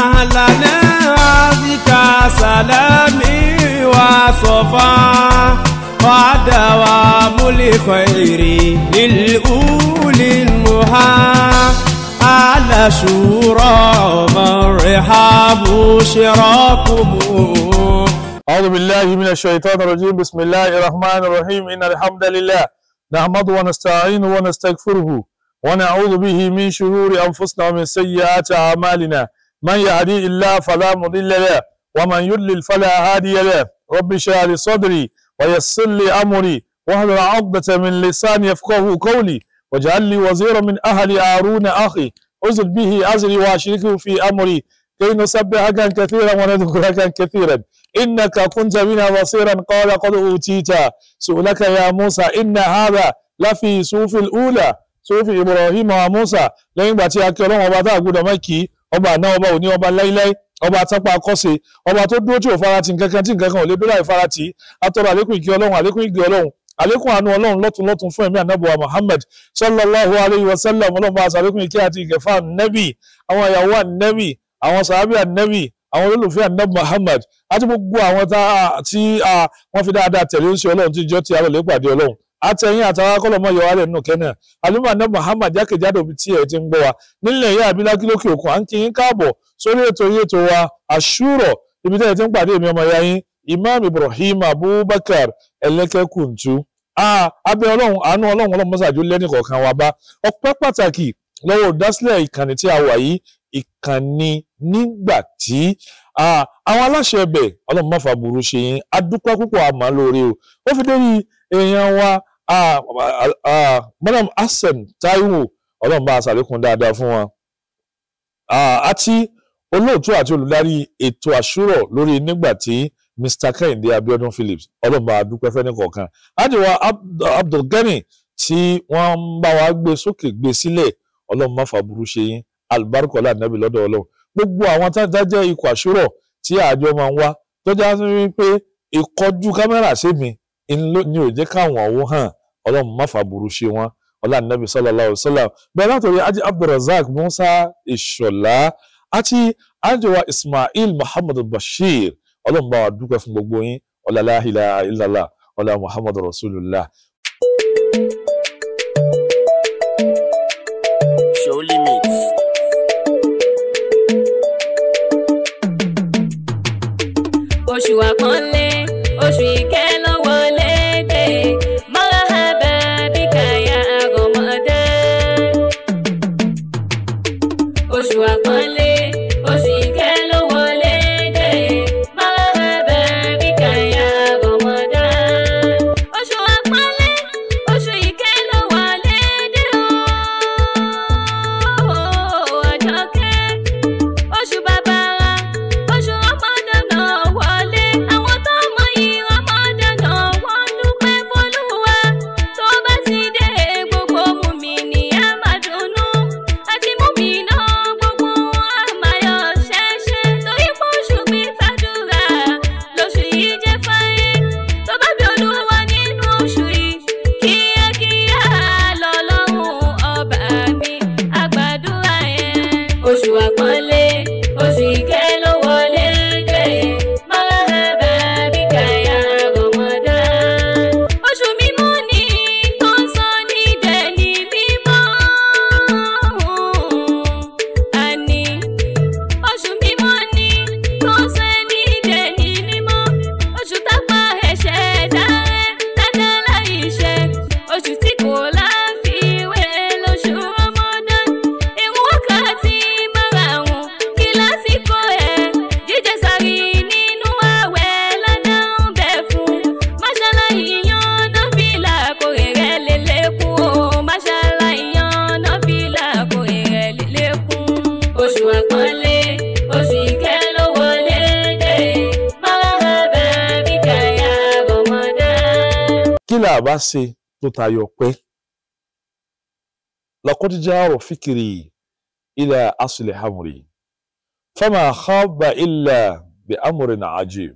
أهلا بك سلامي وصفا ودوام الخير للأولي المها على شورى مرحب شراكم أعوذ بالله من الشيطان الرجيم بسم الله الرحمن الرحيم إن الحمد لله نحمده ونستعينه ونستغفره ونعوذ به من شرور أنفسنا ومن سيئات أعمالنا من يهدي الله فلا مضل له ومن يضلل فلا هادي له رب اشرح لي صدري ويسر لي امري واحلل عقدة من لساني يفقهوا قولي واجعل لي وزيرا من اهل هارون اخي ازد به ازري واشركه في امري كي نسبحك كثيرا ونذكرك كثيرا انك كنت بنا بصيرا قال قد اوتيت سؤلك يا موسى ان هذا لفي صوف الاولى صوف ابراهيم وموسى لين باتي اكرم وباتا ọba àná ọba òní ọba láíláí ọba àtọ́pá akọ́ṣe ọba tó dúró tí ò faratì nkankan tí nkankan ò lè dúró àìfaratì atọ́rọ àlékún ìgé ọlọ́run àlékún ìgé ọlọ́run àlékún àánú ọlọ́run lọ́tún lọ́tún fún ẹ̀mí ànábọ̀wá Muhammad sallallahu alayhi wa sallam ọlọ́ba àsàlékún ìkẹ́ àti ìgẹ̀fà nẹ́bì àwọn ìyàwó ànẹ́bì àwọn sàábì ànẹ́bì àwọn olólùfẹ́ ànẹ́bì Muhammad àti gbogbo àwọn tí wọ́n fi dáadáa tẹ̀lé ń ṣe ọlọ́run tí ìjọ ti alọ́lẹ́ pàdé ọlọ́run àtẹ̀yìn àtàwọn akọ́lọ́mọ́ yọ wálẹ̀ nínú kẹ́nà àlùmọ́ náà Muhammad jákèjádò ibi tí ẹ̀ ti ń gbọ́ wa nílẹ̀ yẹ́ àbílákí lókè òkun à ń kí yín káàbọ̀ sórí ètò yìí ètò wa àṣúrọ̀ ibi tẹ́ ẹ̀ ń pàdé èmi ọmọ ya Imam Ibrahim Abubakar Ẹlẹ́kẹ́kùntù abẹ́ ọlọ́run àánú ọlọ́run ọlọ́run mọ́sàájú lẹ́nìkọ̀ọ̀kan wa bá ọpẹ́ pàtàkì lọ́wọ́ dásílẹ̀ ìkànnì tí a wà yìí ìkànnì nígbà tí àwọn aláṣẹ ẹbẹ̀ ọlọ́run fa burú ṣe yín adúpẹ́ púpọ̀ àmọ́ o ó fi dé ní èèyàn wa Ah, ah, ah, madam Hassan Taiwo ọlọ́run bá a ṣàlékún dáadáa fún wọn àti olóòtú àti olùdarí ètò àṣúrọ̀ lórí nígbà tí Mr Kehinde Abiodun Phillips ọlọ́run bá a dúpẹ́ fẹ́ni kọ̀ọ̀kan àdìwọ̀ Abdulgani tí wọ́n ń bá wa gbé sókè gbé sílẹ̀ ọlọ́run má fàbúrú ṣe yín alùbáríkọ̀lá nàbì lọ́dọ̀ ọlọ́run gbogbo àwọn tájà jẹ́ ikọ̀ àṣúrọ̀ tí àjọ máa ń wá tọ́jà sí wípé ìkọjú kámẹ́rà sí mi ni ò jẹ́ káwọn ọ̀hún hàn ọlọ́run má fàbùrù ṣe wọn ọlọ́run nàbí sallallahu alaihi wasallam bẹ́ẹ̀ látọ̀rí ajé abdulrasaq musa ìṣọ̀lá àti ajẹwà ismail muhammad bashir ọlọ́run bá wa dúpẹ́ fún gbogbo yín ọlá la ilaha illallah ọlá muhammad rasulullah. show limits. oṣù là bá ṣe tó tayọ pẹ́ lakọ́díjà ọ̀rọ̀ fíkiri ilẹ̀ asùlẹ̀ hamri fama khaba illa bi amrin ajib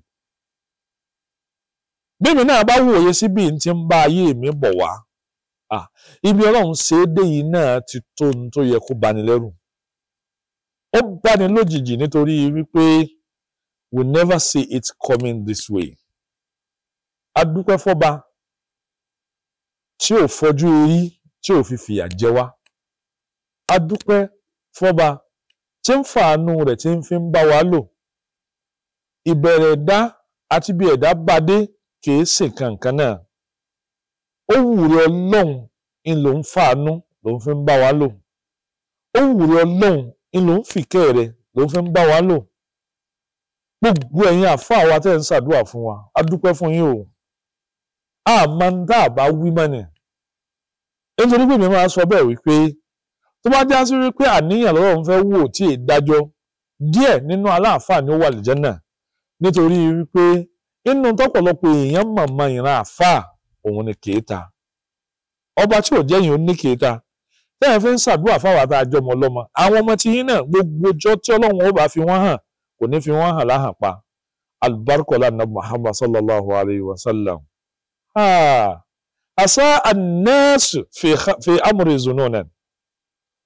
bẹ́ẹ̀mi náà bá wòye sí bí n ti ń ayé mi bọ̀ wá ibi ọlọ́run ṣe é dé yìí náà ti tó ohun tó yẹ kó bani lẹ́rù ó bani lójijì nítorí wípé we never see it coming this way adúpẹ́ fọba tí ò fojú erí tí ò fi fìyà jẹ wá a dúpẹ́ fọ́ba tí ń fàánú rẹ̀ tí ń fi ń bá wa lò ìbẹ̀rẹ̀ ẹ̀dá àti bí ẹ̀dá bá dé kìí ṣe kankan náà ó wùrọ̀ ọlọ́run ń lò ń fàánú ló ń fi ń bá wa lò ó wùrọ̀ ọlọ́run ń lò ń fìkẹ́ rẹ̀ ló ń fi ń bá wa lò gbogbo ẹ̀yin àfa àwa tẹ́ ń ṣàdúrà fún wa a dúpẹ́ fún yín o àmọ́ ń dá àbá wí mọ́ni nítorí pé mi máa sọ bẹ́ẹ̀ wípé tó bá já sí wípé àníyàn lọ́rùn fẹ́ wò tí èyí dájọ́ díẹ̀ nínú aláàfáà ni ó wà lìjẹ́nà nítorí wípé inú tọ́pọ̀lọpọ̀ èèyàn mọ̀mọ́ ìran àfáà òun ni kèéta ọba tí ò jẹ́ yìí ó ní fi ń ṣàdúrà ọlọ́mọ àwọn ọmọ tí yín náà gbogbo ọjọ́ tí na Muhammad sallallahu alayhi wa sallam. أساء الناس في, خ... في أمري ظنونا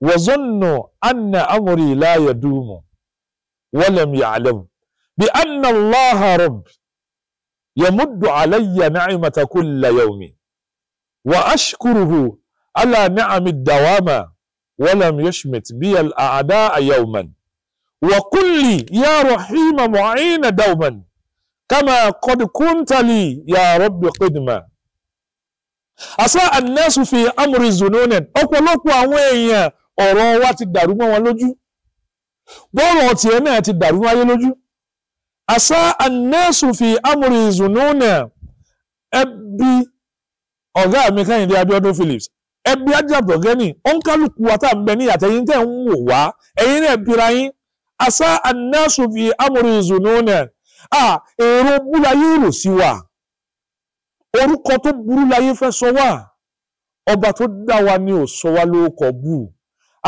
وظنوا أن أمري لا يدوم ولم يعلم بأن الله رب يمد علي نعمة كل يوم وأشكره على نعم الدوام ولم يشمت بي الأعداء يوما وقل لي يا رحيم معين دوما كما قد كنت لي يا رب قدما Asa ànẹ́sù fi amúrí zononen ọ̀pọ̀lọpọ̀ àwọn èèyàn ọ̀rọ̀ wa ti dàrú mọ́ wọn lójú bọ́ọ̀rọ̀ tiẹ̀ náà ti dàrú wáyé lójú àṣà ànẹ́sù fi amúrí zononen ẹbí ọ̀gá mi Kẹ́hìndé Abíọ́dún Phillips ẹbí ajábọ̀ gẹ́nì ọ̀nkálùkù wa tá à ń bẹ ní àtẹ̀yìn tẹ̀ ń wò wá ẹ̀yin náà bira yín àṣà ànẹ́sù fi amúrí zononen à èrò búra rò sí wa. orúkọ tó burú láyé fẹ́ sọ wá ọba tó dá wa ni ò sọ wá lórúkọ bú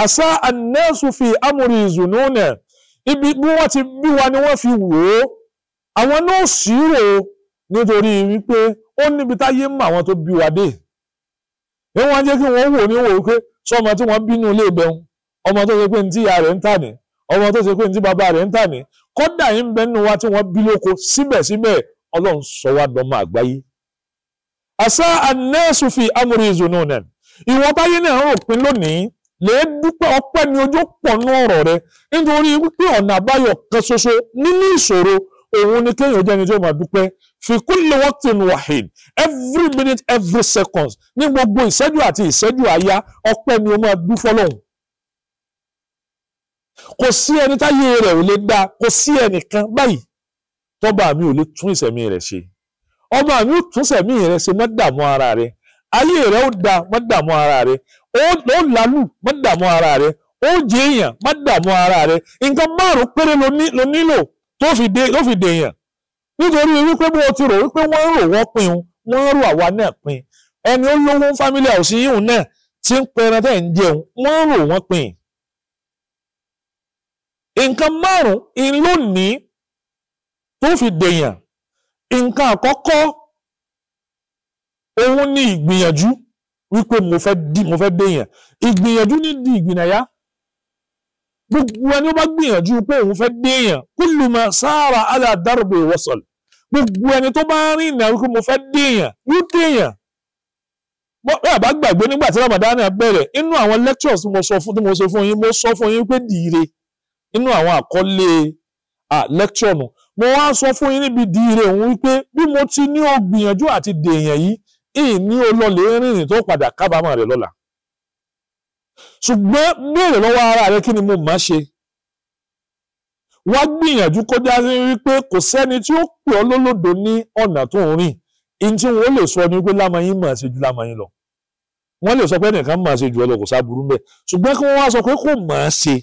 àṣà anẹ́sùfì amòrì ìzùnúnẹ ibi bí wọ́n ti bí wa ni wọ́n fi wò ó àwọn náà ṣírò nítorí wípé ó níbi táyé mọ àwọn tó bí wa dé ní wọ́n jẹ́ kí wọ́n wò ní wò sọmọ tí wọn bínú ilé ìbẹun ọmọ tó ṣe pé ní ìyá ń ọmọ tó ṣe pé ní bàbá ń tà ní tí wọ́n bí lóko síbẹ̀síbẹ̀ ọlọ́run àṣà anẹ́sù fi amúrí ìzònú náà ìwọ̀n báyé náà rò pin lónìí lè dúpẹ́ ọpẹ́ ni ojú pọ̀ nú ọ̀rọ̀ rẹ nítorí wípé ọ̀nà àbáyọ kan ṣoṣo nínú ìṣòro òun ni kéèyàn jẹ́ ẹni tí ó máa dúpẹ́ fi kulli waqtin wahid every minute every second ní gbogbo ìṣẹ́jú àti ìṣẹ́jú àyá ọpẹ́ ni ó máa dú fọ́lọ́hun kò sí ẹni táyé rẹ̀ ò lè dá kò sí ẹnìkan báyìí tọ́ba mi ò lè tún ìṣẹ̀mí rẹ̀ ṣe ọmọ mi ò tún sẹ̀mí rẹ ṣe má dààmú ara rẹ ayé rẹ ó da má dààmú ara rẹ ó lálù má dààmú ara rẹ ó jẹ èèyàn má dààmú ara rẹ nǹkan márùn péré ló nílò tó fi dèèyàn nítorí wípé bó ti rò wípé wọ́n rò wọ́n pin wọ́n rò àwa náà pin ẹni ó fámílì àwòsí yìí náà tí ń pẹran tẹ̀ ń jẹun wọ́n rò wọ́n pin nǹkan márùn-ún ló ní tó fi dèèyàn nǹkan àkọ́kọ́ òun ni ìgbìyànjú wípé mo fẹ́ di mo fẹ́ déyàn ìgbìyànjú ní di ìgbìnàyà gbogbo ẹni ó bá gbìyànjú pé òun fẹ́ déyàn kullu ma sara ala darbi wasal gbogbo ẹni tó bá rìn náà wípé mo fẹ́ déyàn yóò déyàn bẹ́ẹ̀ bá gbàgbé nígbà tí Ramadan bẹ̀rẹ̀ inú àwọn lectures mo sọ fún mo sọ fún yín mo sọ fún yín pé dìire inú àwọn àkọlé lecture nù mo wá sọ fún yín níbi ìdíire òun wípé bí mo ti ní o àti dèèyàn yìí ìní olọlẹ̀ rìnrìn tó padà kábàámọ̀ rẹ̀ lọ́la ṣùgbọ́n béèrè lọ́wọ́ ara rẹ kí ni mo máa ṣe wá gbìyànjú kó já sí wípé kò sẹ́ni tí ó pè ọ́ lólòdò ní ọ̀nà tó ń rìn ihun tí wọ́n lè sọ ni wípé lámọ̀yín máa ṣe ju lámọ̀yín lọ wọ́n lè sọ pé ẹnìkan máa ṣe ju ẹ lọ kò sáà burú bẹ́ẹ̀ ṣùgbọ́n kí wọ́n wá sọ pé kò máa ṣe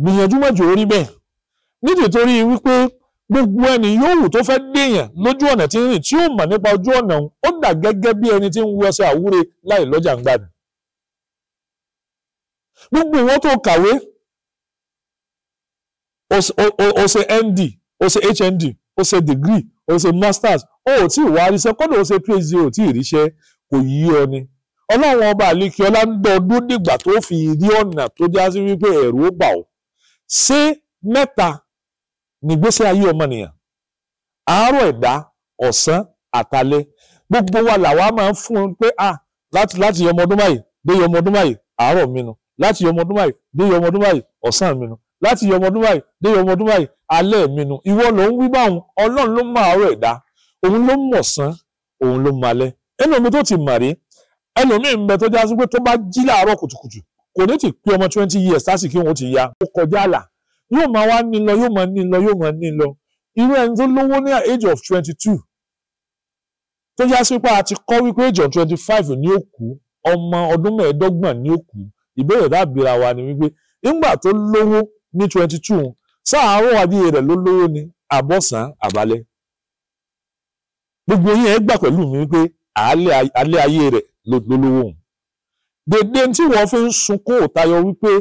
gbìyànjú mọ̀jọ orí bẹ́ẹ̀ nítorí wípé gbogbo ẹni yòówù tó fẹ́ dèèyàn lójú ọ̀nà tí ń rìn tí ó mọ̀ nípa ojú ọ̀nà òun ó dà gẹ́gẹ́ bí ẹni tí ń wọ ẹsẹ̀ àwúre láì lọ́jà ń gbàdùn. gbogbo ìwọ́n tó kàwé o ṣe ND o ṣe HND o ṣe degree o ṣe masters o ò tí ì wá ríṣẹ́ kódà o ṣe PhD o ò tí ì ríṣẹ́ kò yí ọ ni. ọlọ́run ọba àlekí ọlá ń dán ọdún nígbà tó fi rí ọ̀nà tó já sí wípé ẹ̀rù ó bà ọ́ ṣé mẹ́ta nígbésí ayé ọmọnìyàn àárọ̀ ẹ̀dá ọ̀sán àtalẹ́ gbogbo wa làwa máa ń fún un pé ah láti láti yọ ọmọ ọdún báyìí dé yọ ọmọ ọdún báyìí àárọ̀ mi nu láti yọ ọmọ ọdún báyìí dé yọ ọmọ ọdún báyìí ọ̀sán mi nu láti yọ ọmọ ọdún báyìí dé yọ ọmọ ọdún báyìí alẹ́ mi nu ìwọ ló ń wí báwọn ọlọ́run ló mọ àárọ̀ ẹ̀dá òun ló mọ̀ sán òun ló mọ alẹ́ ẹnu tó ti mà rí ẹlòmíì ń bẹ tó já pé tó bá jí láàárọ̀ kùtùkùtù kò ní ti pé ọmọ twenty years tásìkí wọn ti ya ó kọjá àlà yóò máa wá ní lọ yóò máa ní lọ yóò máa ní lọ irú ẹni tó lówó ní age of twenty two tó yá sí pé a ti kọ́ wípé age of twenty five ní òkú ọmọ ọdún mẹ́ẹ̀ẹ́dọ́gbọ̀n ní òkú ìbéèrè dábìra wa ni wípé nígbà tó lówó ní twenty two sáàárọ̀ adìyẹ rẹ̀ ló lówó ní àbọ̀sán àbálẹ̀ gbogbo yín ẹ gbà pẹ̀lú mi wípé àálẹ̀ ayé rẹ̀ ló lówó òun dèdè tí wọ́n fi ń sunkún òtayọ wípé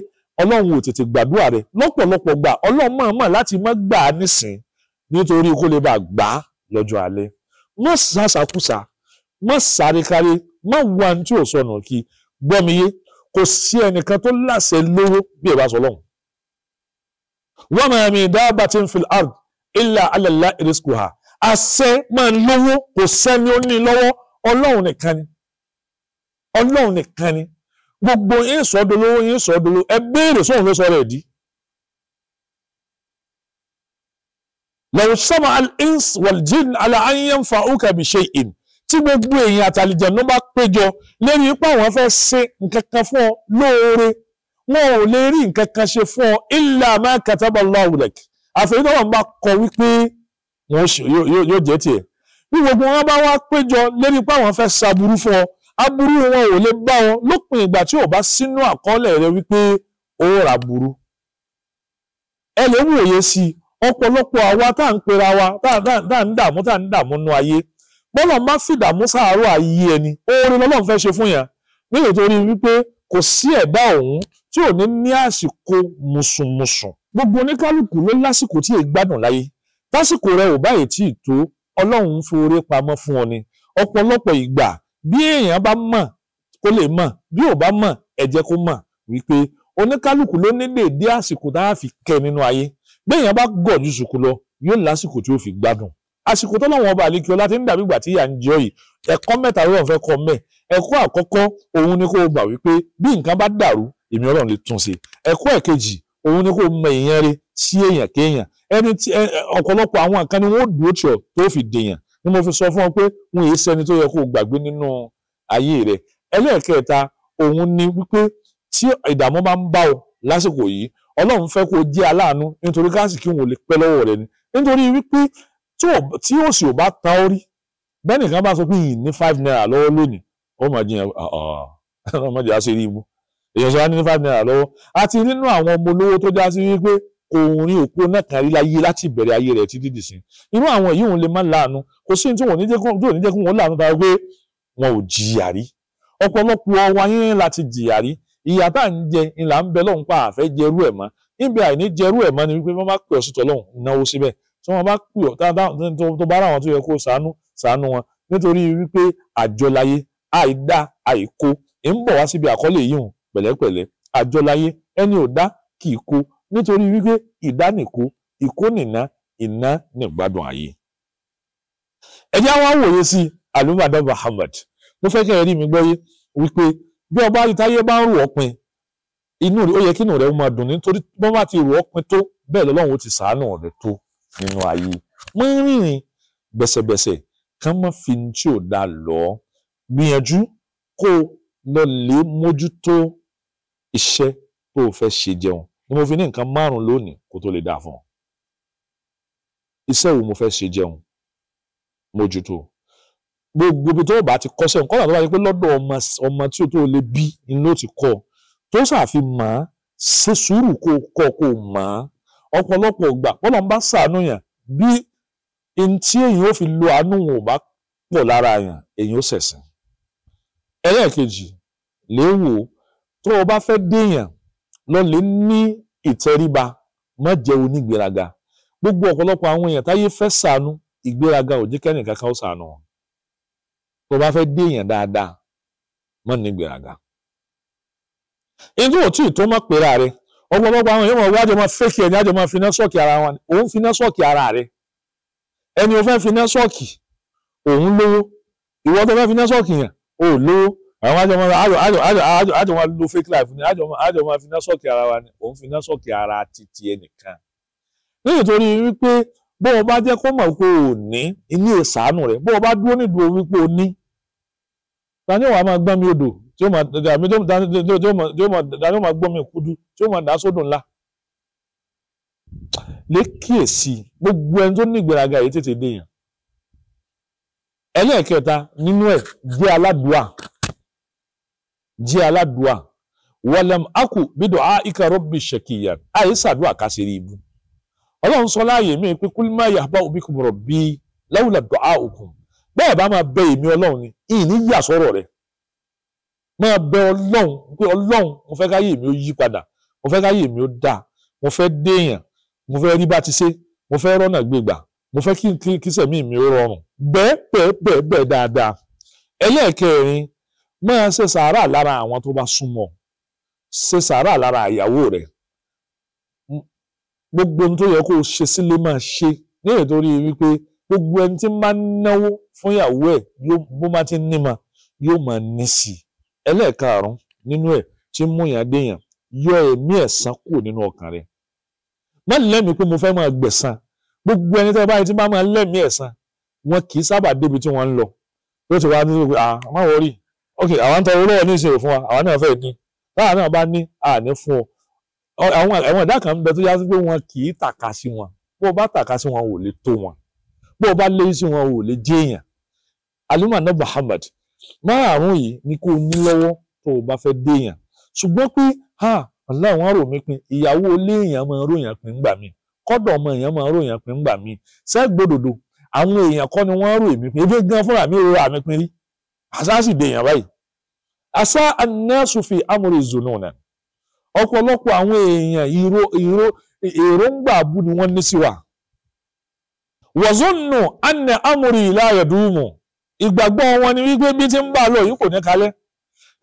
ọlọ́run ò tètè gbàdúrà rẹ lọ́pọ̀lọpọ̀ gbà ọlọ́run máa mà láti má gbà á nísìn nítorí kó lè bá gbà á lọ́jọ́ alẹ́ má sàṣàkùsà má sàrékaré má wà ní tí ò sọnù kí gbọ́miyé kò sí ẹnìkan tó láṣẹ lówó bí ẹ bá sọ lọ́hùn. wa ma min dabbatin fil ard illa ala Allahi rizquha àṣẹ máa lówó kò sẹ́ni ó ní lọ́wọ́ ọlọ́run nìkan ni ọlọ́run nìkan ni gbogbo yín sọdolówó yín sọdolówó ẹ béèrè sóhun ló sọ̀rọ̀ ẹdí. lọ́wọ́ sábà al-ins wal-jinn ala an yanfa'uka bi shay'in tí gbogbo èèyàn àtàlìjẹ̀ ló bá péjọ lórí ipá wọn fẹ́ ṣe nǹkan kan fún ọ lóore wọn ò lè rí nǹkan kan ṣe fún ọ illa ma kataba Allahu lak wọn bá kọ wípé wọn yóò jẹ́ tiẹ̀ bí gbogbo wọn bá wá péjọ lórí ipá wọn fẹ́ ṣàbùrú fún ọ aburú wọn ò lè bá wọn lópin ìgbà tí ò bá sínú àkọọ́lẹ̀ rẹ wípé ó rà burú ẹ lè wòye sí i ọ̀pọ̀lọpọ̀ àwa tá à ń pera wa tá à ń dààmú tá à ń dààmú nú ayé bọ́lá má fìdààmú sáàárọ̀ ayé ẹni oore lọ́lọ́run fẹ́ ṣe fún yẹn nítorí wípé kò sí ẹ̀dá ọ̀hún tí ò ní ní àsìkò mùsùnmùsùn gbogbo oníkálukú ló lásìkò tí èyí gbádùn láyé tásìkò rẹ ò báyìí tí ì tó ọlọ́run ń foore pamọ́ fún ọ ni ọpọlọpọ ìgbà bí èèyàn bá mọ̀ kó lè mọ̀ bí ò bá mọ̀ ẹ jẹ́ kó mọ̀ wípé oníkálukú ló ní dèédé àsìkò tá a fi kẹ́ nínú ayé bí èèyàn bá gọ̀ ju sùkú lọ yóò lásìkò tí ó fi gbádùn àsìkò tọ́lọ́wọ́n ọba àlekí ọlá ti ń dàbí ìgbà tí ìyà ń jẹ yìí ẹ̀kọ́ mẹ́ta ló ń fẹ́ kọ́ mẹ́ ẹ̀kọ́ àkọ́kọ́ òun ni kó o gbà wípé bí nǹkan bá dàrú èmi ọlọ́run lè tún ṣe ẹ̀kọ́ ẹ̀kejì òun ni kó o mọ èèyàn rẹ sí èèyàn kéèyàn ẹni tí ọ̀pọ̀lọpọ̀ àwọn nǹkan ni wọ́n dúró tì ọ́ tó fi dèèyàn ni mo fi sọ fún ọ pé wọn yìí sẹni tó yẹ kó gbàgbé nínú ayé rẹ ẹlẹ́ẹ̀kẹta òun ni wípé tí ìdààmú bá ń bá ọ lásìkò yìí ọlọ́run fẹ́ kó jẹ́ aláàánú nítorí káàsì kí òun lè pẹ́ lọ́wọ́ rẹ ni nítorí wípé tí òsì ò bá tán ó rí bẹ́ẹ̀ nìkan bá sọ pé yìí ní five naira lọ́wọ́ lónìí ó mà jiyàn ọmọ jẹ́ àṣírí ibu èèyàn sọ wá ní five naira lọ́wọ́ àti nínú àwọn ọmọ olówó tó já sí wípé kò rin òpó náà kan rí láyé láti ìbẹ̀rẹ̀ ayé rẹ̀ títí dìsín irú àwọn yìí òun lè má láàánú kò sí ní tí wọn ò ní jẹ́ kí wọ́n láàánú dára pé wọn ò jìyà rí ọ̀pọ̀lọpọ̀ ọwọ́ ayé láti jìyà rí ìyà tá à ń jẹ ńlá ń bẹ lọ́hùn pa àfẹ́ jẹrú ẹ̀ mọ́ níbi àìní jẹrú ẹ̀ mọ́ ni wípé wọ́n bá pè ọ́ sùtọ̀ lọ́hùn náwó síbẹ̀ tí wọ́n bá pè ọ́ tó bá ráwọn tó yẹ kó sàánú sàánú wọn nítorí wípé àjọláyé àìdá àìkó ń bọ̀ wá síbi àkọlé yìí hùn pẹ̀lẹ́pẹ̀lẹ́ àjọláyé ẹni ò dá kì í kó nítorí wípé ìdánìkó ìkó nìna ìná nìgbádùn ayé ẹ̀jẹ̀ àwọn wòye sí alumada Muhammad mo fẹ́ kẹ́ ẹ rí mi gbọ́ yé wípé bí ọba ìtayé bá ń rò ọpin inú rẹ ó yẹ kí inú rẹ ó máa dùn nítorí bó bá ti rò ọpin tó bẹ́ẹ̀ lọ́lọ́run ó ti sàánù rẹ tó nínú ayé wọ́n rìnrìn gbẹ̀sẹ̀gbẹ̀sẹ̀ kán má fi ní tí ò dá lọ gbìyànjú kó lọ lè mójútó iṣẹ́ tó fẹ́ ṣe jẹun ni mo fi ní nǹkan márùn-ún lónìí kó tó lè dáa fún ọ iṣẹ́ wo mo fẹ́ ṣe jẹun mójútó gbogbo ibi tó bá ti kọ́ṣẹ́ nǹkan tó bá yẹ pé lọ́dọ̀ ọmọ tí o tó lè bí inú ó ti kọ́ tó ṣàfi mọ̀ á ṣe sùúrù kó kọ́ kó mọ̀ á ọ̀pọ̀lọpọ̀ ìgbà pọ́lọ́n bá ṣàánú yàn bí n tí èyí ó fi lo àánú wọn ò bá pọ̀ lára yàn èyí ó ṣẹ̀sìn ẹlẹ́ẹ̀kejì léwu tó o bá fẹ́ déyàn lọ lè ní ìtẹríba má jẹ́ onígbéraga gbogbo ọ̀pọ̀lọpọ̀ àwọn èèyàn táyé fẹ́ ṣàánú ìgbéraga ò jẹ́ kẹ́nìkan kan ó sànù tó bá fẹ́ déèyàn dáadáa mọ́ ní ìgbéraga. inú òtún ìtò mọ́ pera rẹ ọgbọ́gbọ́gbọ́ àwọn èèyàn wájú ọmọ fẹ́kì ẹni àjọmọ́ finá sọ́ọ̀kì ara wọn òun finá sọ́ọ̀kì ara rẹ ẹni o fẹ́ finá sọ́ọ̀kì òun lówó ìwọ tó fẹ́ finá sọ́ọ̀kì yẹn ò lówó àwọn àjọmọ́ àjọmọ́ lo fake life ni àjọmọ́ finá sọ́ọ̀kì ara wa ni òun finá sọ́ọ̀kì ara titi ẹnìkan nítorí wípé bó o bá jẹ́ kó mọ̀ pé o ní ilé ìsàánú rẹ̀ bó o bá dúró nídùú wípé o ní tani wàá máa gbọ́n mi odò tí ó máa dání ó máa gbọ́n mi kudu tí ó máa dá sódò ńlá lékìyèsí gbogbo ẹni tó ní ìgbéraga yìí tètè déyàn ẹlẹ́ẹ̀kẹta nínú ẹ̀ jẹ́ aládùúà jẹ́ aládùúà wàlẹ̀m akù bídọ̀ á ikà rọ́bì ṣèkìyà àyè sàdúà kásìrì ibú ọlọ́run sọ láàyè mí pé kúlí má yà bá òbí kùmọ̀rọ̀ bí láwùlà dọ̀ á òkun bẹ́ẹ̀ bá máa bẹ èmi ọlọ́run ni ìní yà sọ̀rọ̀ rẹ̀ máa bẹ ọlọ́run pé ọlọ́run mo fẹ́ káyè mi ó yí padà mo fẹ́ káyè mi ó dà mo fẹ́ déèyàn mo fẹ́ rí bá ti ṣe mo fẹ́ rọ́nà gbégbà mo fẹ́ kí kíṣẹ̀ mi mi ó rọrùn bẹ́ẹ̀ bẹ́ẹ̀ bẹ́ẹ̀ bẹ́ẹ̀ dáadáa ẹlẹ́ẹ̀kẹrin máa ṣe sàárà lára àwọn tó bá súnmọ́ ṣe sàárà lára ìyàwó rẹ̀ gbogbo ohun tó yẹ kó o ṣe sílé máa ṣe ní ìtorí wípé gbogbo ẹni tí máa ń náwó fún ìyàwó ẹ̀ bó bá ti ní ma yóò máa ní sí i ẹlẹ́ẹ̀karùn nínú ẹ̀ tí mú yàn déyàn yọ ẹ̀mí ẹ̀san kúrò nínú ọkàn rẹ̀ má lẹ́mìí pé mo fẹ́ máa gbẹ̀san gbogbo ẹni tẹ́ báyìí tí máa máa lẹ́mìí ẹ̀san wọn kì í sábà débi tí wọ́n ń lọ yóò ti wá ní pé ah má wọrí ok àwọn ń lọ́wọ́ ní ìṣirò fún wa àwọn náà fẹ́ ní táwọn náà bá ní àní fún ọ àwọn àwọn ẹ̀dá kan bẹ tó yá sí pé wọn kì í tàka sí wọn bó o bá tàka sí wọn ò lè tó wọn bó o bá lé sí wọn ò lè jéèyàn alimana Muhammad márààrún yìí ni kó o ní lọ́wọ́ tó o bá fẹ́ déèyàn ṣùgbọ́n pé ha Allah wọn rò mí pin ìyàwó ilé èèyàn máa ròyìn pin gbà mí kọ́dọ̀ ọmọ èèyàn máa ròyìn pin gbà mí sẹ́gbòdòdò àwọn èèyàn kọ́ ni wọ́n rò èmi pin ebi gan fúnra mi rò àmì pin rí àṣà sì dèèyàn báyìí àṣà an-nasu fi amri ọpọlọpọ àwọn èèyàn ìró ìró èròǹgbà abú ni wọn ní sí wa. wọ̀zọ́nù anna amúri ìlàyọ̀ dùnmù ìgbàgbọ́ wọn ni wípé bí ti ń bá a lọ yìí kò ní kalẹ́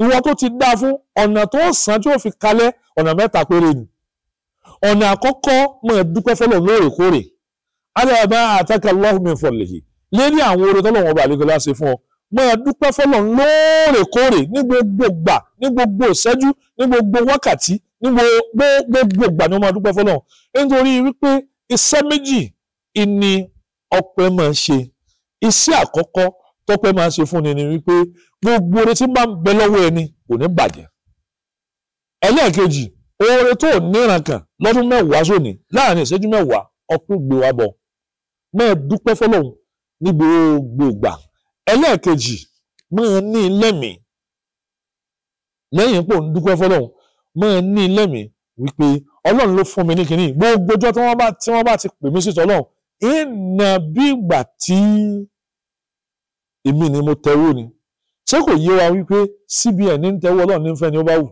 ìwọ tó ti dá fún ọ̀nà tó sàn tí ó fi kalẹ́ ọ̀nà mẹ́ta péré ni ọ̀nà àkọ́kọ́ mọ̀ dúpẹ́ fọlọ́ lóòrèkóòrè alábàá àtàkà lọ́hùnmí fọ̀lẹ̀ yìí lé ní àwọn tọ́lọ́wọ́n ọba fún ọ máa dúpẹ́ fọ́lọ́run lóòrèkóòrè ní gbogbo ìgbà ní gbogbo ìṣẹ́jú ní gbogbo wákàtí ní gbogbo ìgbà ni wọ́n máa dúpẹ́ fọ́lọ́run nítorí wípé iṣẹ́ méjì ìní ọpẹ́ máa ṣe iṣẹ́ àkọ́kọ́ tọ́pẹ́ máa ṣe fún ni ni wípé gbogbo oore tí ń bá ń bẹ lọ́wọ́ ẹni kò ní bàjẹ́ ẹlẹ́ẹ̀kejì oore tó níran kan lọ́dún mẹ́wàá sóni láàrin ìṣẹ́jú mẹ́wàá ọpẹ́ gbé bọ̀ máa dúpẹ́ fọ́lọ́run ní gbogbo ìgbà ẹlẹ́ẹ̀kejì máa ní lẹ́mìí lẹ́yìn pò ń dúpẹ́ fọlọ́run máa ní lẹ́mìí wípé ọlọ́run ló fún mi ní kinní gbogbo ọjọ́ tí wọ́n bá tí wọ́n bá ti pè mí sí tọ́lọ́run ìnà bí ìgbà tí èmi ni mo tẹ́wọ́ ni ṣé kò yé wa wípé CBN ní tẹ́wọ́ ọlọ́run ní fẹ́ ni ó bá wù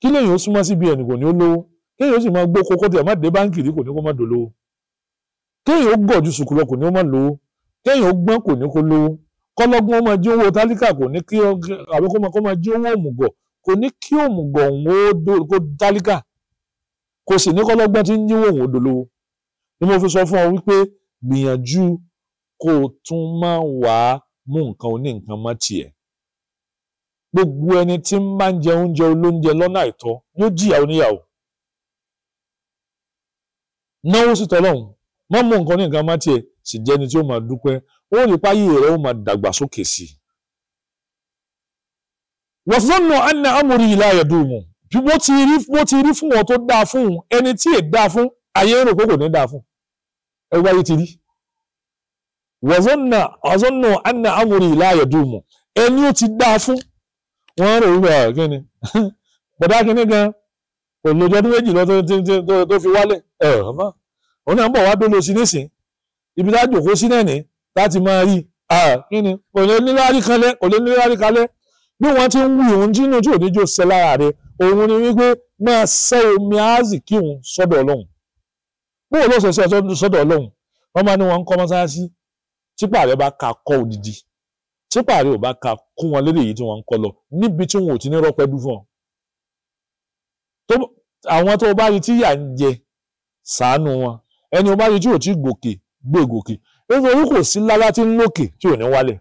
kí lẹ́yìn ó súnmọ́ CBN kò ní ó lówó kéèyàn ó sì máa gbó kókó tẹ̀ má dé báńkì rí kò ní kó má dolówó kéèyàn ó gọ̀ ju sùkúlọ kò ní ó má lówó kéèyàn ó gbọ́n kò ní kó lówó kọ́lọ́gbọ́n ó máa jí owó tálíkà kò ní kí àbí kó máa jí owó òmùgọ̀ kò ní kí òmùgọ̀ òun kó tálíkà kò sì ní kọ́lọ́gbọ́n tí ń jí owó òun òdòlówó ni mo fi sọ fún ọ wípé gbìyànjú kó o tún máa wà á mú nǹkan oní nǹkan mọ́ tiẹ̀ gbogbo ẹni tí ń máa ń jẹ oúnjẹ olóúnjẹ lọ́nà àìtọ́ yóò jìyà oníyàwó náwó sì tọ́lọ́hún má mú nǹkan oní nǹkan mọ́ tiẹ̀ sì jẹ́ tí ó máa dúpẹ́ ó rí páyé rẹ̀ ó máa dàgbàsókè sí i. wọ́sọ́nù anna amúrí la yadumu bí mo ti rí mo ti rí fún wọn tó dáa fún un ẹni tí è dáa fún ayé ń rò pé ní dáa fún ẹ wáyé ti rí. wọ́sọ́nù wọ́sọ́nù anna amúrí la yadumu ẹni ó ti dáa fún wọ́n rò wípé kíni bọ̀dá kíní gan kò lójú ọdún méjì lọ tó fi wálẹ̀ ẹ̀ ọ̀ma òun náà wá dó sí nísìn ibi tá a jòkó sí náà nìyí láti máa rí kí ni kò lè ní rárí kalẹ̀ kò lè ní rárí kalẹ̀ bí wọ́n ti ń wí òun jínú tí òdíjò ṣe lára rẹ̀ òun ni wípé máa ṣẹ́ omi áàzì kí òun sọ́dọ̀ ọlọ́run bó ló ṣe ṣe sọ́dọ̀ ọlọ́run wọ́n máa ní wọn ń kọ́ mọ́sáàsì típa rẹ̀ bá ka kọ́ òdìdí típa rẹ̀ ò bá ka kún wọn lédè èyí tí wọ́n ń kọ́ lọ níbi tí wọn ò ti ní rọ́pẹ́ dú fún ọ àwọn tó bá rí tí yà ń jẹ ṣàánú wọn ẹni o bá rí tí ò tí gòkè gbé gòkè nítorí kò sí lálá tí ń lókè tí ò ní wálẹ̀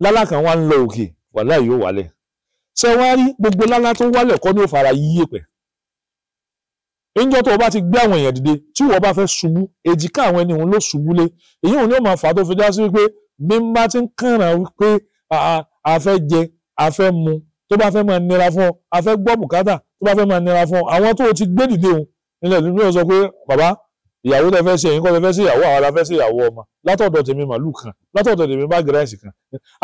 lálá kan wá ń lọ òkè wàhálà yóò wálẹ̀ ṣé wọ́n á rí gbogbo lálá tó wálẹ̀ kọ́ ní ó fara yí èpẹ̀ níjọ́ tó o bá ti gbé àwọn èèyàn dìde tí ìwọ bá fẹ́ ṣubú èjìká àwọn ẹni òun ló ṣubú lé èyí òun ni ó máa fà á tó fi dá sí wípé bí n bá ti ń kànràn wípé a fẹ́ jẹ a fẹ́ mu tó bá fẹ́ máa nira fún ọ a fẹ́ gbọ́ bùkátà tó bá fẹ́ máa nira fún ọ àwọn tó o ti gbé dìde òun nílẹ̀ nínú ẹ̀ sọ pé bàbá ìyàwó lẹ fẹ́ ṣe ẹ̀yin kọ́ lẹ fẹ́ ṣe ìyàwó àwa la fẹ́ ṣe ìyàwó ọmọ látọ̀dọ̀ tèmi màlúù kan látọ̀dọ̀ tèmi bágìrẹ́sì kan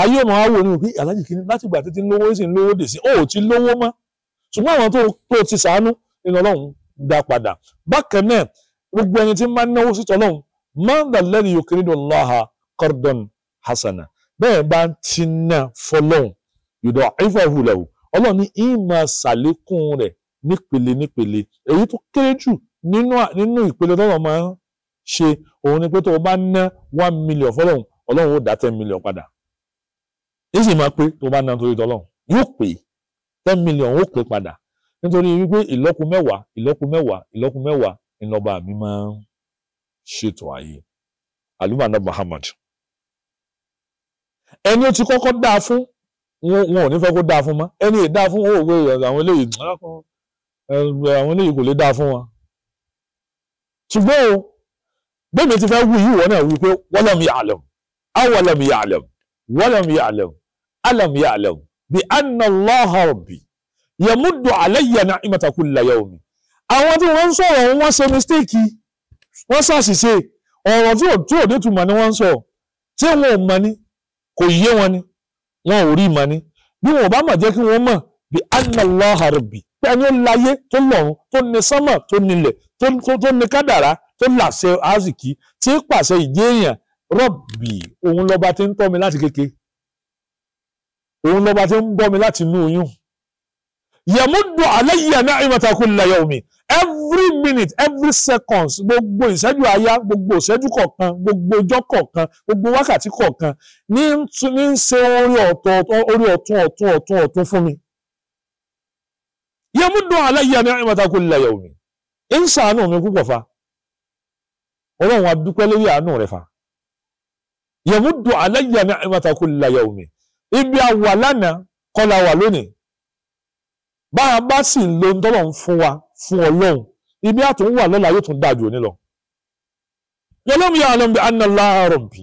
ayé ọmọ wa wò ni pé alájì kìíní láti gbà títí lówó sì ń lówó dè sí ó ti lówó mọ́ ṣùgbọ́n àwọn tó ti sàánú nínú ọlọ́run dá padà bákan náà gbogbo ẹni tí máa ń náwó sí tọ́lọ́run máa ń dàlẹ́ni yòókè nínú láha qardan hasana bẹ́ẹ̀ bá ń ti ná fọlọ́run ìdọ̀ ìfọ̀hù lẹ́wù ọlọ́run ní ìmọ̀ ṣàlékún rẹ̀ nípele nípele èyí tó kéré jù nínú nínú ìpele tọ́lọ̀ máa ń ṣe òun ni pé tó o bá ná one million fọlọ́hún ọlọ́run ó dá ten million padà èyí sì máa pé tó o bá ná torí tọ́lọ́hún yóò pé ten million ó pé padà nítorí wípé ìlọ́kù mẹ́wàá ìlọ́kù mẹ́wàá ìlọ́kù mẹ́wàá ìlọ́ba mi máa ń ṣètò ayé aluma na Muhammad ẹni ó ti kọ́kọ́ dáa fún wọn ò ní fẹ́ kó dáa fún ma ẹni ì dáa fún wọn ò gbé àwọn eléyìí àwọn eléyìí kò lè dáa fún wọn ṣùgbọ́n o gbẹ̀mí ti fẹ́ wú yìí wọ́n náà wí pé walam ya'lam awalam ya'lam walam ya'lam alam ya'lam bi anna Allaha rabbi yamuddu alayya ni'mata kulla yawmi àwọn tí wọ́n ń sọ̀rọ̀ wọ́n ṣe mistake wọ́n ṣàṣìṣe ọ̀rọ̀ tí ò tí ò dé túmọ̀ ni wọ́n ń sọ tí wọn ò mọ̀ ni kò yé wọn ni wọn ò rí mọ̀ ni bí wọn ò bá mọ̀ jẹ́ kí wọ́n mọ̀ bí anna pé ẹni ó láyé tó lọ́run tó ní sánmọ̀ tó nílẹ̀ tó ní kádàrá tó làṣẹ azikí tí ń pàṣẹ ìjẹ́ èèyàn rọ́bì òun lọ́ba tí ń tọ́ mi láti kéke òun lọ́ba tí ń bọ́ mi láti inú oyún yẹmúdù aláyíyá náà ìmọ̀tàkùn lẹ́yọ̀ mi every minute every second gbogbo ìṣẹ́jú àyá gbogbo ìṣẹ́jú kọ̀ọ̀kan gbogbo ọjọ́ kọ̀ọ̀kan gbogbo wákàtí kọ̀ọ̀kan ní ń ṣe orí ọ̀tún ọ̀tún ọ̀tún ọ̀tún fún mi yamuddu alayya ni'mata kulla yawmi ń sàánù mi púpọ̀ fa ọlọ́run adúpẹ́ lórí àánú rẹ̀ fa yamuddu alayya ni'mata kulla yawmi ibi àwà lánàá kọ́lá wà lónìí bá a bá sì lo ń tọ́lọ̀ ń fún wa fún ọlọ́run ibi àtún wà lọ́la yóò tún dájú òní lọ. yọlọ́mù yà lọ́mù bí annallaha rabbi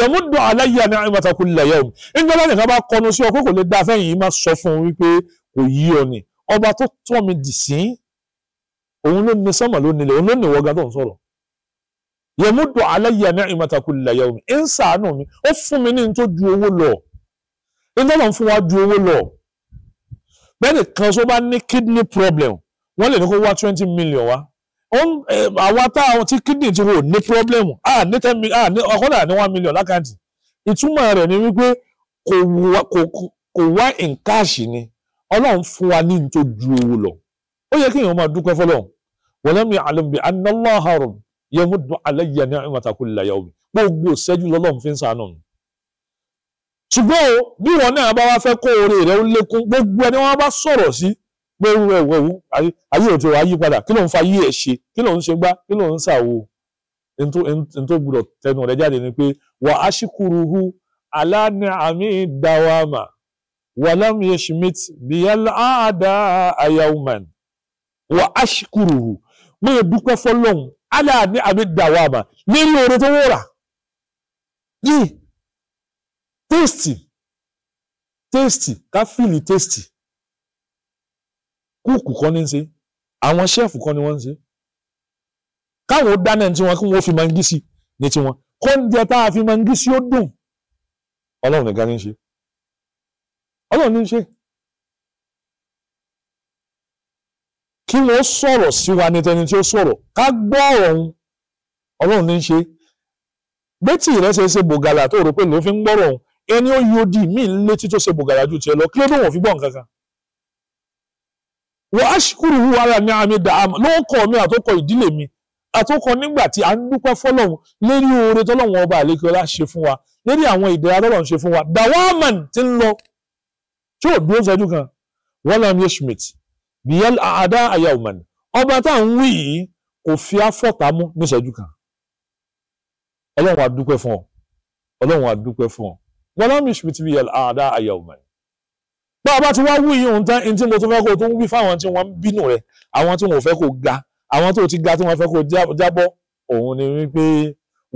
yamuddu alayya ni'mata kulla yawmi ìjọba nìkan bá kọnu sí ọkọ̀ kò lè dá afẹ́yìn yìí má sọ fún wípé kò yí ọ ni ọba tó tọ́ mi dì sí òun ló ní sánmà ló nílẹ̀ òun ló ní wọ́gá tó ń sọ̀rọ̀ yẹmúdù aláyà ní ìmọ̀tàkù ìlàyà omi ń sàánù mi ó fún mi ní n tó ju owó lọ nítorí wọn fún wa ju owó lọ bẹ́ẹ̀ni kan tó bá ní kidney problem wọ́n lè ní kó wá twenty million wá àwa táwọn tí kidney ti wò ní problem à ní ten million à ní ọkọ́dà ní one million lákàntì ìtumọ̀ rẹ̀ ni wípé kò wá in cash ni ọlọ́run fún wa ní tó ju owó lọ ó yẹ kí èèyàn máa dúpẹ́ fọlọ́run walam ya'lam bi anna Allaha yamuddu alayya ni'mata kulla yawmi gbogbo ìṣẹ́jú lọ́lọ́run fi ń ṣàánú ṣùgbọ́n bí wọn náà bá wá fẹ́ kó oore rẹ ó lékún gbogbo ẹni wọn bá sọ̀rọ̀ sí pé ń wẹ̀ wẹ̀ ayé òtò padà kí ló ń fa ayé ẹ̀ ṣe kí ló ń ṣe gbá kí ló ń ṣàwo n tó gbọdọ̀ tẹnu rẹ jáde ni pé wa ashkuruhu ala ni'ami dawama ولم يشمت بي الأعداء يوما وأشكره mo yẹ dúpẹ́ fọlọ́hún ala ní àbí dàwa àmà lérí oore tó wọ́ra yìí tẹ́sítì tẹ́sítì ká fìlì tẹ́sítì kúùkù kan ní ń ṣe àwọn ṣẹ́ẹ̀fù kan ni wọ́n ń ṣe káwọn ó dáná ní tiwọn kí wọ́n fi máa ń gí sí tiwọn kóúnjẹ tá a fi máa ń gí ó dùn ọlọ́run nìkan ní í ṣe ọlọ́run ní í ṣe kí wọ́n sọ̀rọ̀ sí wa ní tẹni tí ó sọ̀rọ̀ ká gbọ́ ọ̀rọ̀ òun ọlọ́run ní ṣe bẹ́tì rẹ ṣe ṣe bògàlà tó rò pé ló fi ń gbọ́rọ̀ òun ẹni ó yóò di létí tó ṣe bògàlà ju tiẹ̀ lọ kí ló dé wọn fi gbọ́ nǹkan wọ́n á ṣùkúrù hu ara ní àmì dàámà lóńkọ mi àtọkọ ìdílé mi àtọkọ nígbà tí a ń dúpẹ́ fọlọ́run lérí oore tọ́lọ́run ọba àlékọ́lá ṣe fún wa lérí àwọn ìdẹ̀ra tọ́lọ́run ṣe fún wa dàwọ́mọ̀n ti ń lọ tí ò dúró sọjú kan wọ́n làm yé schmidt bíyẹn àdá àyà òmàní ọba tá à ń wí yìí kò fi afọ́ta mú níṣẹ́jú kan ọlọ́run àdúpẹ́ fún ọ ọlọ́run àdúpẹ́ fún ọ wọ́n làm yé schmidt bíyẹn àdá àyà òmàní bá a bá ti wá wí yìí ohun tán tí mo tún fẹ́ kó o tún wí fáwọn tí wọ́n ń bínú rẹ àwọn tí wọn fẹ́ kó ga àwọn tó ti ga tí wọ́n fẹ́ kó jábọ́ òun ni wípé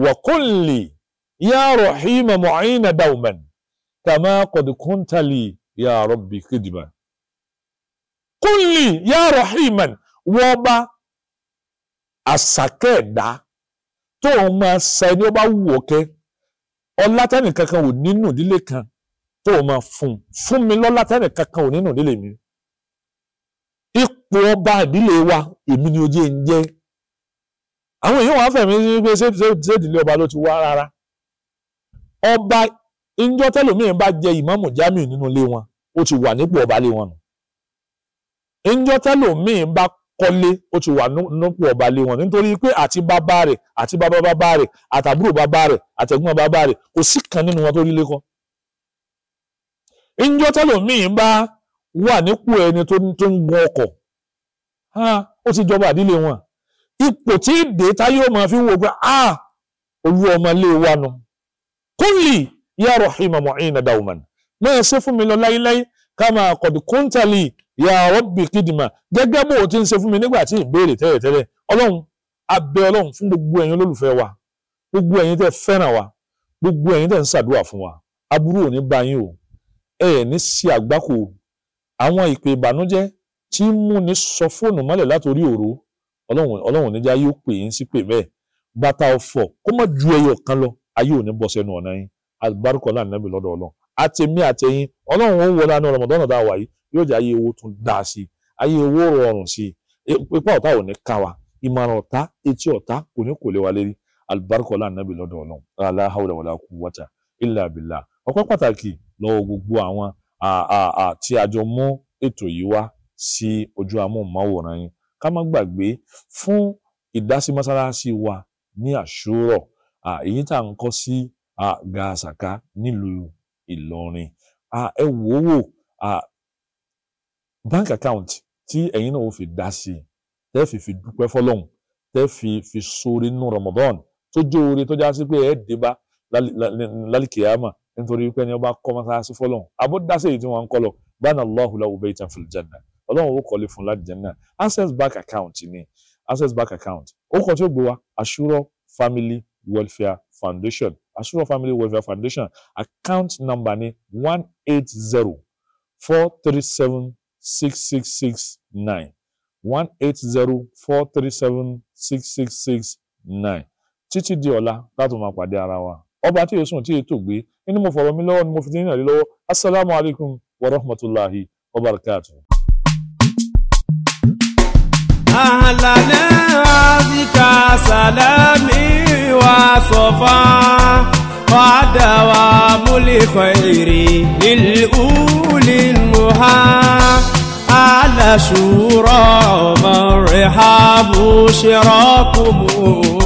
wọ́kùnlé yàrá rahima mu'ina dauman kàmá kọ̀dùkúntàlì ya rabbi kidman kúnlì ya rahiman wọ́n bá àṣàkẹ́ ẹ̀dá tó ń máa sa ẹni ó bá wù ọ̀kẹ́ ọlátẹ́nì kankan ò nínú ìdílé kan tó o máa fún fún mi lọ́látẹ́nì kankan ò nínú ìdílé mi ipò ọba ìdílé wa èmi ni ojú ẹ̀ ń jẹ́ àwọn èèyàn wà fẹ̀mí pé ṣé ìdílé ọba ló ti wá rárá ọba ìjọ tẹlòmíín bá jẹ ìmáàmù jamiu nínú ilé wọn ó ti wà nípò ọba lé wọn nù ìjọ tẹlòmíín bá kọ́lé ó ti wà nípò ọba lé wọn nítorí pé àti bàbá rẹ̀ àti bàbá bàbá rẹ̀ àtàbúrò bàbá rẹ̀ àtẹ̀gbọ́n bàbá rẹ̀ kò sí kan nínú wọn tó rí lẹ́kọ́ ìjọ tẹlòmíín bá wà nípò ẹni tó ń gun ọkọ̀ ó ti jọba àdílé wọn ipò tí ìdè táyé ó fi ń pé ah, olú ọmọ ilé wa nù kúnlì ya rahima mu'ina dauman máa ṣe fún mi lọ láíláí kama qad kunta li ya rabbi kidima gẹ́gẹ́ bó o ti ń ṣe fún mi nígbà tí ìbéèrè tẹ́lẹ̀tẹ́lẹ̀ ọlọ́run abẹ ọlọ́run fún gbogbo ẹ̀yin olólùfẹ́ wa gbogbo ẹ̀yin tẹ́ fẹ́ràn wa gbogbo ẹ̀yin tẹ́ ń ṣàdúrà fún wa aburú ò ní bá yín o ẹ ẹ̀ ní sí àgbákò àwọn ìpè ìbànújẹ́ tí ń múni sọ fóònù mọ́lẹ̀ látòrí òru ọlọ́run ọlọ́run níjà yóò pè yín sí pè bẹ́ẹ̀ bàtà ọ̀fọ̀ kó má ju ẹyọ kan lọ ayé ò ní bọ́ sẹ́nu ọ̀nà àbárùkọ láàrin nàbì lọ́dọ̀ ọlọ́run àtẹ̀mí àtẹ̀yìn ọlọ́run ó wọlé àná rọmọdọ́nà dá wà yìí yóò jẹ́ ayé owó tún dá sí i ayé owó rọrùn sí i ipa ọ̀tá ò ní ká wa ìmọ̀ràn ọ̀tá etí ọ̀tá kò ní kò lè wa lérí àbárùkọ láàrin nàbì lọ́dọ̀ ọlọ́run la hawla wala quwwata illa billah ọpẹ́ pàtàkì lọ́wọ́ gbogbo àwọn tí a jọ mú ètò yìí wá sí ojú amóhùnmáwòrán yín ká má gbàgbé wa ní àṣúrọ̀ èyí tá ga àṣàká nílùú Ìlọrin ẹ wò ó wò bank account tí ẹ̀yin náà ó fi dá sí i tẹ́ fi fi dúpẹ́ fọlọ́hún tẹ́ fi fi sóore nínú Ramadan tó jẹ́ oore tó já sí pé ẹ̀ dé bá lálìkèyàmà nítorí pé ẹni ọba kọ́ mọ́sáàsì fọlọ́hún abọ́dásẹ́ tí wọ́n ń kọ́ lọ bana Allahu lahu baytan fil janna ọlọ́run ó kọ́lé fún láti janna access bank account ni access bank account ó kọ́ tí ó gbé wa Family Welfare Foundation àṣùwọ̀n family welfare foundation account number ni one eight zero four three seven six six six nine one eight zero four three seven six six six nine títí di ọ̀la láti máa pàdé ara wa ọba tí yóò sùn tí yóò tó gbé inú mo fọ̀rọ̀ mi lọ́wọ́ ni mo fi ti ń rìn lọ́wọ́ asalaamualeykum wa rahmatulahi wa barakatuh. أهلا بك سلامي وصفا ودوام الخير للأولي المها على شورى مرحب شراكم